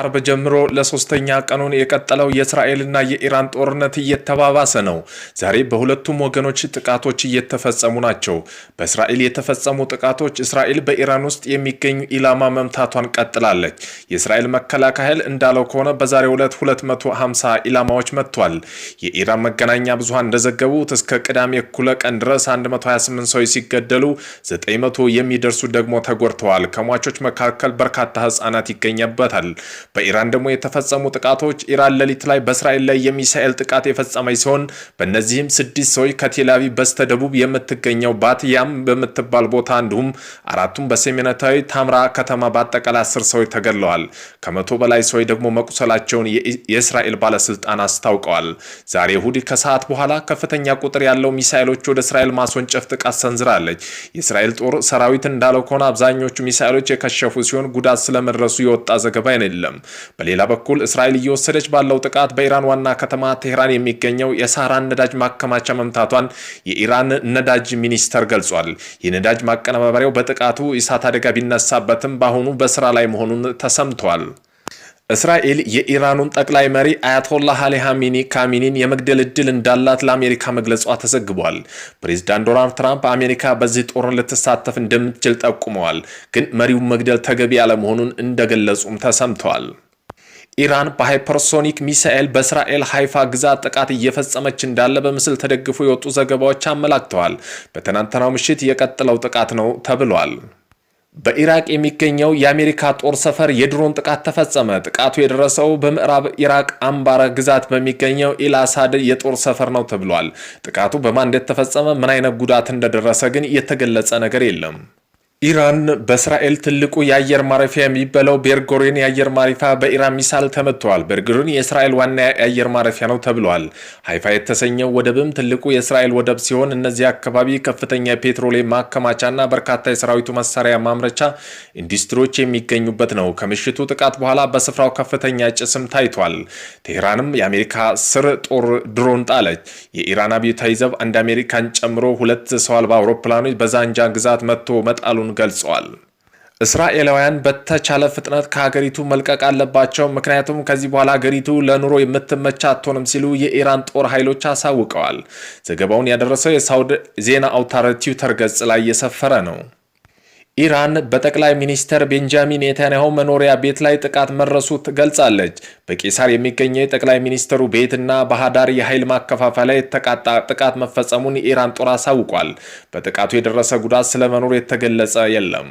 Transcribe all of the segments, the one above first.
አርብ ጀምሮ ለሶስተኛ ቀኑን የቀጠለው የእስራኤልና የኢራን ጦርነት እየተባባሰ ነው። ዛሬ በሁለቱም ወገኖች ጥቃቶች እየተፈጸሙ ናቸው። በእስራኤል የተፈጸሙ ጥቃቶች እስራኤል በኢራን ውስጥ የሚገኙ ኢላማ መምታቷን ቀጥላለች። የእስራኤል መከላከያ ኃይል እንዳለው ከሆነ በዛሬ ዕለት 250 ኢላማዎች መጥቷል። የኢራን መገናኛ ብዙሃን እንደዘገቡት እስከ ቅዳሜ እኩለ ቀን ድረስ 128 ሰዎች ሲገደሉ 900 የሚደርሱ ደግሞ ተጎድተዋል። ከሟቾች መካከል በርካታ ህጻናት ይገኘበታል። በኢራን ደግሞ የተፈጸሙ ጥቃቶች ኢራን ሌሊት ላይ በእስራኤል ላይ የሚሳኤል ጥቃት የፈጸመች ሲሆን በእነዚህም ስድስት ሰዎች ከቴላቪቭ በስተደቡብ የምትገኘው ባትያም በምትባል ቦታ እንዲሁም አራቱም በሰሜናዊ ታምራ ከተማ በአጠቃላይ አስር ሰዎች ተገድለዋል። ከመቶ በላይ ሰዎች ደግሞ መቁሰላቸውን የእስራኤል ባለስልጣን አስታውቀዋል። ዛሬ እሁድ ከሰዓት በኋላ ከፍተኛ ቁጥር ያለው ሚሳኤሎች ወደ እስራኤል ማስወንጨፍ ጥቃት ሰንዝራለች። የእስራኤል ጦር ሰራዊት እንዳለው ከሆነ አብዛኞቹ ሚሳኤሎች የከሸፉ ሲሆን ጉዳት ስለመድረሱ የወጣ ዘገባ የለም። በሌላ በኩል እስራኤል እየወሰደች ባለው ጥቃት በኢራን ዋና ከተማ ቴህራን የሚገኘው የሳህራን ነዳጅ ማከማቻ መምታቷን የኢራን ነዳጅ ሚኒስተር ገልጿል። የነዳጅ ማቀነባበሪያው በጥቃቱ እሳት አደጋ ቢነሳበትም በአሁኑ በስራ ላይ መሆኑን ተሰምቷል። እስራኤል የኢራኑን ጠቅላይ መሪ አያቶላህ አሊ ሀሚኒ ካሚኒን የመግደል እድል እንዳላት ለአሜሪካ መግለጿ ተዘግቧል። ፕሬዚዳንት ዶናልድ ትራምፕ አሜሪካ በዚህ ጦርን ልትሳተፍ እንደምትችል ጠቁመዋል። ግን መሪውን መግደል ተገቢ ያለመሆኑን እንደገለጹም ተሰምተዋል። ኢራን በሃይፐርሶኒክ ሚሳኤል በእስራኤል ሃይፋ ግዛት ጥቃት እየፈጸመች እንዳለ በምስል ተደግፎ የወጡ ዘገባዎች አመላክተዋል። በትናንትናው ምሽት የቀጥለው ጥቃት ነው ተብሏል። በኢራቅ የሚገኘው የአሜሪካ ጦር ሰፈር የድሮን ጥቃት ተፈጸመ። ጥቃቱ የደረሰው በምዕራብ ኢራቅ አምባረ ግዛት በሚገኘው ኢላሳድ የጦር ሰፈር ነው ተብሏል። ጥቃቱ በማን እንደተፈጸመ፣ ምን አይነት ጉዳት እንደደረሰ ግን የተገለጸ ነገር የለም። ኢራን በእስራኤል ትልቁ የአየር ማረፊያ የሚበለው ቤርጎሬን የአየር ማረፊያ በኢራን ሚሳይል ተመትተዋል። ቤርጎሪን የእስራኤል ዋና የአየር ማረፊያ ነው ተብሏል። ሀይፋ የተሰኘው ወደብም ትልቁ የእስራኤል ወደብ ሲሆን እነዚህ አካባቢ ከፍተኛ የፔትሮሌም ማከማቻና በርካታ የሰራዊቱ መሳሪያ ማምረቻ ኢንዱስትሪዎች የሚገኙበት ነው። ከምሽቱ ጥቃት በኋላ በስፍራው ከፍተኛ ጭስም ታይቷል። ቴህራንም የአሜሪካ ስር ጦር ድሮን ጣለች። የኢራን አብዮታዊ ዘብ አንድ አሜሪካን ጨምሮ ሁለት ሰው አልባ አውሮፕላኖች በዛንጃ ግዛት መጥቶ መጣሉን ገልጿል። እስራኤላውያን በተቻለ ፍጥነት ከሀገሪቱ መልቀቅ አለባቸው፣ ምክንያቱም ከዚህ በኋላ ሀገሪቱ ለኑሮ የምትመቻ አትሆንም ሲሉ የኢራን ጦር ኃይሎች አሳውቀዋል። ዘገባውን ያደረሰው የሳውድ ዜና አውታር ተርገጽ ገጽ ላይ የሰፈረ ነው። ኢራን በጠቅላይ ሚኒስተር ቤንጃሚን ኔታንያሁ መኖሪያ ቤት ላይ ጥቃት መድረሱ ትገልጻለች። በቄሳር የሚገኘው የጠቅላይ ሚኒስተሩ ቤትና በሃዳር የኃይል ማከፋፈያ ላይ የተቃጣ ጥቃት መፈጸሙን የኢራን ጦር አሳውቋል። በጥቃቱ የደረሰ ጉዳት ስለመኖር የተገለጸ የለም።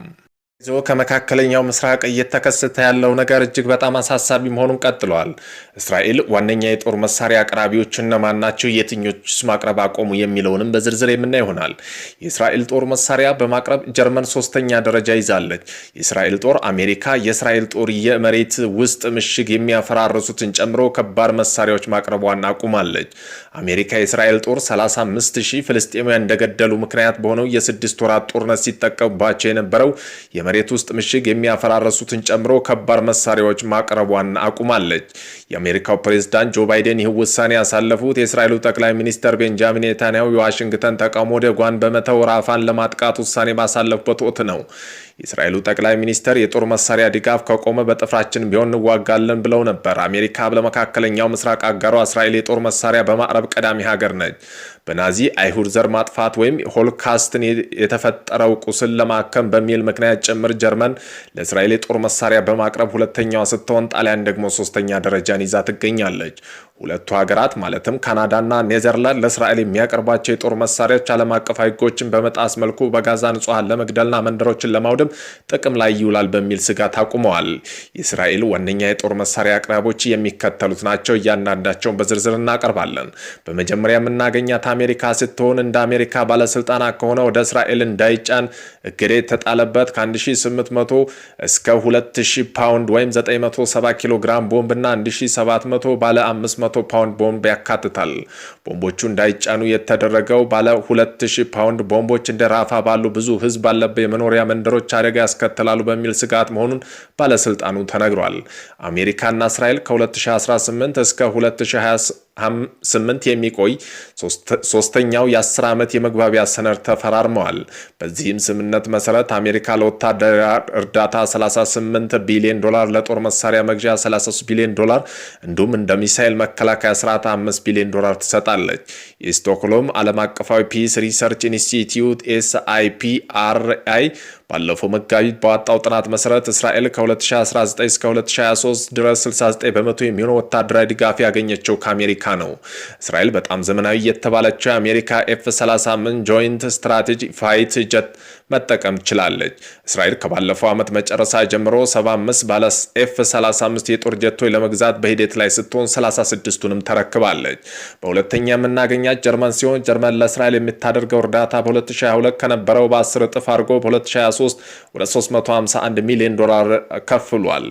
ዞ ከመካከለኛው ምስራቅ እየተከሰተ ያለው ነገር እጅግ በጣም አሳሳቢ መሆኑን ቀጥሏል እስራኤል ዋነኛ የጦር መሳሪያ አቅራቢዎች እነማን ናቸው፣ የትኞቹስ ማቅረብ አቆሙ የሚለውንም በዝርዝር የምና ይሆናል። የእስራኤል ጦር መሳሪያ በማቅረብ ጀርመን ሶስተኛ ደረጃ ይዛለች። የእስራኤል ጦር አሜሪካ የእስራኤል ጦር የመሬት ውስጥ ምሽግ የሚያፈራርሱትን ጨምሮ ከባድ መሳሪያዎች ማቅረቧን አቁማለች። አሜሪካ የእስራኤል ጦር 35 ሺህ ፍልስጤማውያን እንደገደሉ ምክንያት በሆነው የስድስት ወራት ጦርነት ሲጠቀሙባቸው የነበረው የመሬት ውስጥ ምሽግ የሚያፈራረሱትን ጨምሮ ከባድ መሳሪያዎች ማቅረቧን አቁማለች። የአሜሪካው ፕሬዝዳንት ጆ ባይደን ይህ ውሳኔ ያሳለፉት የእስራኤሉ ጠቅላይ ሚኒስትር ቤንጃሚን ኔታንያሁ የዋሽንግተን ተቃውሞ ደጓን በመተው ራፋን ለማጥቃት ውሳኔ ባሳለፉበት ወቅት ነው። የእስራኤሉ ጠቅላይ ሚኒስተር የጦር መሳሪያ ድጋፍ ከቆመ በጥፍራችን ቢሆን እንዋጋለን ብለው ነበር። አሜሪካ ለመካከለኛው ምስራቅ አጋሯ እስራኤል የጦር መሳሪያ በማቅረብ ቀዳሚ ሀገር ነች። በናዚ አይሁድ ዘር ማጥፋት ወይም ሆልካስትን የተፈጠረው ቁስል ለማከም በሚል ምክንያት ጭምር ጀርመን ለእስራኤል የጦር መሳሪያ በማቅረብ ሁለተኛዋ ስትሆን ጣሊያን ደግሞ ሶስተኛ ደረጃን ይዛ ትገኛለች። ሁለቱ ሀገራት ማለትም ካናዳና ኔዘርላንድ ለእስራኤል የሚያቀርቧቸው የጦር መሳሪያዎች ዓለም አቀፍ ሕጎችን በመጣስ መልኩ በጋዛ ንጹሐን ለመግደልና መንደሮችን ለማውደም ጥቅም ላይ ይውላል በሚል ስጋት አቁመዋል። የእስራኤል ዋነኛ የጦር መሳሪያ አቅራቦች የሚከተሉት ናቸው። እያንዳንዳቸውን በዝርዝር እናቀርባለን። በመጀመሪያ የምናገኛት አሜሪካ ስትሆን እንደ አሜሪካ ባለስልጣናት ከሆነ ወደ እስራኤል እንዳይጫን እገዳ የተጣለበት ከ1800 እስከ 2000 ፓውንድ ወይም 97 ኪሎ ግራም ቦምብና 1700 ባለ 5 600 ፓውንድ ቦምብ ያካትታል። ቦምቦቹ እንዳይጫኑ የተደረገው ባለ 2000 ፓውንድ ቦምቦች እንደ ራፋ ባሉ ብዙ ህዝብ ባለበት የመኖሪያ መንደሮች አደጋ ያስከትላሉ በሚል ስጋት መሆኑን ባለስልጣኑ ተነግሯል። አሜሪካና እስራኤል ከ2018 እስከ ስምንት የሚቆይ ሶስተኛው የአስር ዓመት የመግባቢያ ሰነድ ተፈራርመዋል። በዚህም ስምምነት መሰረት አሜሪካ ለወታደር እርዳታ 38 ቢሊዮን ዶላር፣ ለጦር መሳሪያ መግዣ 33 ቢሊዮን ዶላር እንዲሁም እንደ ሚሳይል መከላከያ ስርዓት 5 ቢሊዮን ዶላር ትሰጣለች። የስቶክሆልም ዓለም አቀፋዊ ፒስ ሪሰርች ኢንስቲትዩት ኤስ ባለፈው መጋቢት በወጣው ጥናት መሰረት እስራኤል ከ2019 እስከ 2023 ድረስ 69 በመቶ የሚሆነው ወታደራዊ ድጋፍ ያገኘችው ከአሜሪካ ነው። እስራኤል በጣም ዘመናዊ የተባለችው የአሜሪካ ኤፍ 35 ጆይንት ስትራቴጂ ፋይት ጀት መጠቀም ችላለች። እስራኤል ከባለፈው ዓመት መጨረሻ ጀምሮ 75 ባለ ኤፍ 35 የጦር ጀቶች ለመግዛት በሂደት ላይ ስትሆን 36ቱንም ተረክባለች። በሁለተኛ የምናገኛት ጀርመን ሲሆን ጀርመን ለእስራኤል የምታደርገው እርዳታ በ2022 ከነበረው በ10 እጥፍ አድርጎ በ2023 2023 ወደ 351 ሚሊዮን ዶላር ከፍሏል።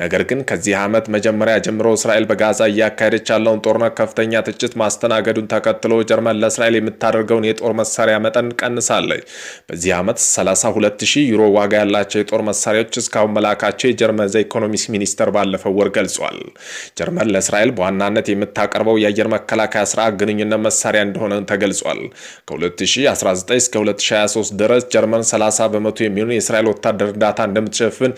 ነገር ግን ከዚህ ዓመት መጀመሪያ ጀምሮ እስራኤል በጋዛ እያካሄደች ያለውን ጦርነት ከፍተኛ ትችት ማስተናገዱን ተከትሎ ጀርመን ለእስራኤል የምታደርገውን የጦር መሳሪያ መጠን ቀንሳለች። በዚህ ዓመት 32000 ዩሮ ዋጋ ያላቸው የጦር መሳሪያዎች እስካሁን መላካቸው የጀርመን ዘ ኢኮኖሚስ ሚኒስተር ባለፈው ወር ገልጿል። ጀርመን ለእስራኤል በዋናነት የምታቀርበው የአየር መከላከያ ስርዓት ግንኙነት መሳሪያ እንደሆነ ተገልጿል። ከ2019 እስከ 2023 ድረስ ጀርመን 30 በመቶ የሚሆኑ የእስራኤል ወታደር እርዳታ እንደምትሸፍን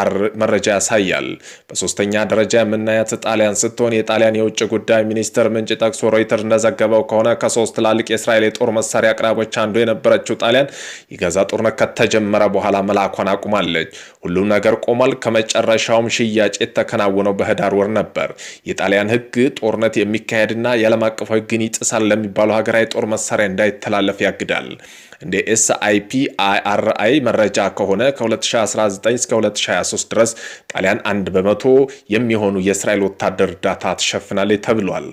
አር መረጃ ያሳያል። በሶስተኛ ደረጃ የምናያት ጣሊያን ስትሆን የጣሊያን የውጭ ጉዳይ ሚኒስቴር ምንጭ ጠቅሶ ሮይተር እንደዘገበው ከሆነ ከሶስት ትላልቅ የእስራኤል የጦር መሳሪያ አቅራቦች አንዱ የነበረችው ጣሊያን የጋዛ ጦርነት ከተጀመረ በኋላ መላኳን አቁማለች። ሁሉም ነገር ቆሟል። ከመጨረሻውም ሽያጭ የተከናወነው በህዳር ወር ነበር። የጣሊያን ህግ ጦርነት የሚካሄድና የዓለም አቀፋዊ ግን ይጥሳል ለሚባለው ሀገራዊ ጦር መሳሪያ እንዳይተላለፍ ያግዳል። እንደ ኤስአይፒ አርአይ መረጃ ከሆነ ከ2019 እስከ 2023 ድረስ ጣሊያን አንድ በመቶ የሚሆኑ የእስራኤል ወታደር እርዳታ ትሸፍናለች ተብሏል።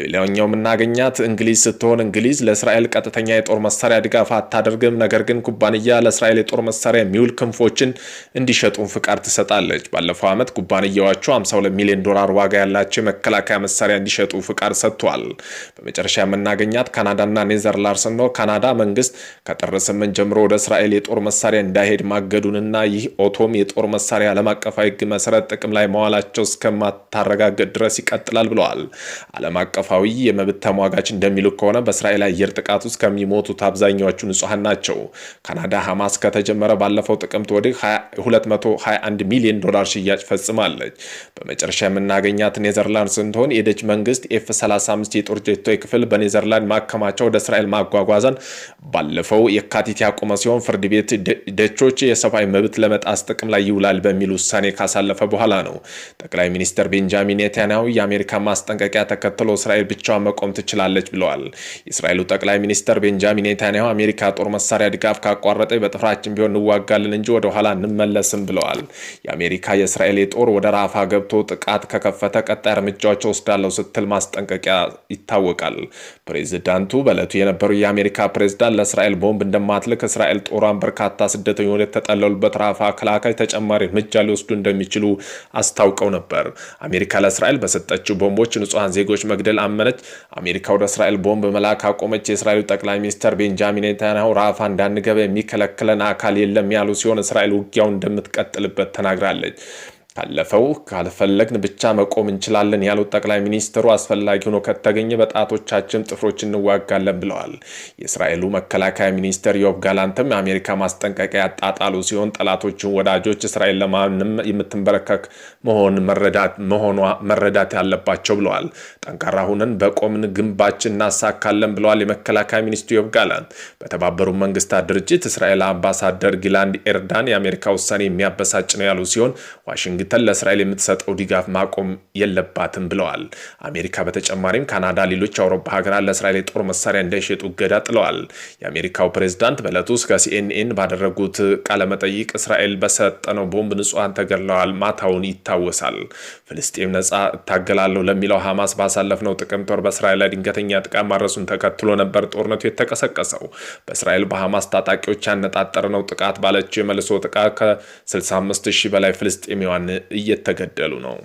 ሌላኛው የምናገኛት እንግሊዝ ስትሆን እንግሊዝ ለእስራኤል ቀጥተኛ የጦር መሳሪያ ድጋፍ አታደርግም። ነገር ግን ኩባንያ ለእስራኤል የጦር መሳሪያ የሚውል ክንፎችን እንዲሸጡን ፍቃድ ትሰጣለች። ባለፈው ዓመት ኩባንያዎቹ 52 ሚሊዮን ዶላር ዋጋ ያላቸው የመከላከያ መሳሪያ እንዲሸጡ ፍቃድ ሰጥቷል። በመጨረሻ የምናገኛት ካናዳና ኔዘርላንድስ ነው። ካናዳ መንግስት ከጥር ስምንት ጀምሮ ወደ እስራኤል የጦር መሳሪያ እንዳይሄድ ማገዱንና ይህ ኦቶም የጦር መሳሪያ ዓለም አቀፋዊ ሕግ መሰረት ጥቅም ላይ መዋላቸው እስከማታረጋገጥ ድረስ ይቀጥላል ብለዋል። ዓለም አቀፋዊ የመብት ተሟጋች እንደሚሉት ከሆነ በእስራኤል አየር ጥቃት ውስጥ ከሚሞቱት አብዛኛዎቹ ንጹሐን ናቸው። ካናዳ ሐማስ ከተጀመረ ባለፈው ጥቅምት ወዲህ 221 ሚሊዮን ዶላር ሽያጭ ፈጽማለች። በመጨረሻ የምናገኛት ኔዘርላንድ ስትሆን የደች መንግስት ኤፍ 35 የጦር ጀቶ ክፍል በኔዘርላንድ ማከማቸው ወደ እስራኤል ማጓጓዘን ባለፈው ባለፈው የካቲት ያቆመ ሲሆን ፍርድ ቤት ደቾች የሰብአዊ መብት ለመጣስ ጥቅም ላይ ይውላል በሚል ውሳኔ ካሳለፈ በኋላ ነው። ጠቅላይ ሚኒስትር ቤንጃሚን ኔታንያሁ የአሜሪካ ማስጠንቀቂያ ተከትሎ እስራኤል ብቻዋን መቆም ትችላለች ብለዋል። የእስራኤሉ ጠቅላይ ሚኒስትር ቤንጃሚን ኔታንያሁ አሜሪካ ጦር መሳሪያ ድጋፍ ካቋረጠ በጥፍራችን ቢሆን እንዋጋለን እንጂ ወደኋላ እንመለስም ብለዋል። የአሜሪካ የእስራኤል ጦር ወደ ራፋ ገብቶ ጥቃት ከከፈተ ቀጣይ እርምጃዎች ወስዳለው ስትል ማስጠንቀቂያ ይታወቃል። ፕሬዚዳንቱ በእለቱ የነበሩ የአሜሪካ ፕሬዚዳንት ለእስራኤል ቦምብ እንደማትልክ እስራኤል ጦሯን በርካታ ስደተኞች ወደ ተጠለሉበት ራፋ ከላካይ ተጨማሪ እርምጃ ሊወስዱ እንደሚችሉ አስታውቀው ነበር። አሜሪካ ለእስራኤል በሰጠችው ቦምቦች ንጹሐን ዜጎች መግደል አመነች። አሜሪካ ወደ እስራኤል ቦምብ መላክ አቆመች። የእስራኤሉ ጠቅላይ ሚኒስትር ቤንጃሚን ኔታንያሁ ራፋ እንዳንገባ የሚከለክለን አካል የለም ያሉ ሲሆን እስራኤል ውጊያውን እንደምትቀጥልበት ተናግራለች። ካለፈው ካልፈለግን ብቻ መቆም እንችላለን ያሉት ጠቅላይ ሚኒስትሩ አስፈላጊ ሆኖ ከተገኘ በጣቶቻችን ጥፍሮች እንዋጋለን ብለዋል። የእስራኤሉ መከላከያ ሚኒስትር ዮብ ጋላንትም የአሜሪካ ማስጠንቀቂያ ያጣጣሉ ሲሆን ጠላቶችን ወዳጆች እስራኤል ለማንም የምትንበረከክ መሆን መሆኗ መረዳት ያለባቸው ብለዋል። ጠንካራ ሁነን በቆምን ግንባችን እናሳካለን ብለዋል የመከላከያ ሚኒስትሩ ዮብ ጋላንት። በተባበሩ መንግስታት ድርጅት እስራኤል አምባሳደር ጊላንድ ኤርዳን የአሜሪካ ውሳኔ የሚያበሳጭ ነው ያሉ ሲሆን ዋሽንግተን ዋሽንግተን ለእስራኤል የምትሰጠው ድጋፍ ማቆም የለባትም ብለዋል። አሜሪካ በተጨማሪም ካናዳ፣ ሌሎች አውሮፓ ሀገራት ለእስራኤል የጦር መሳሪያ እንዳይሸጡ እገዳ ጥለዋል። የአሜሪካው ፕሬዝዳንት በዕለቱ እስከ ሲኤንኤን ባደረጉት ቃለመጠይቅ እስራኤል በሰጠነው ቦምብ ንጹሐን ተገድለዋል ማታውን ይታወሳል። ፍልስጤም ነጻ እታገላለሁ ለሚለው ሐማስ ባሳለፍነው ጥቅምት ወር በእስራኤል ላይ ድንገተኛ ጥቃት ማድረሱን ተከትሎ ነበር ጦርነቱ የተቀሰቀሰው። በእስራኤል በሐማስ ታጣቂዎች ያነጣጠረ ነው ጥቃት ባለችው የመልሶ ጥቃት ከ65 ሺህ በላይ ፍልስጤማውያን እየተገደሉ ነው።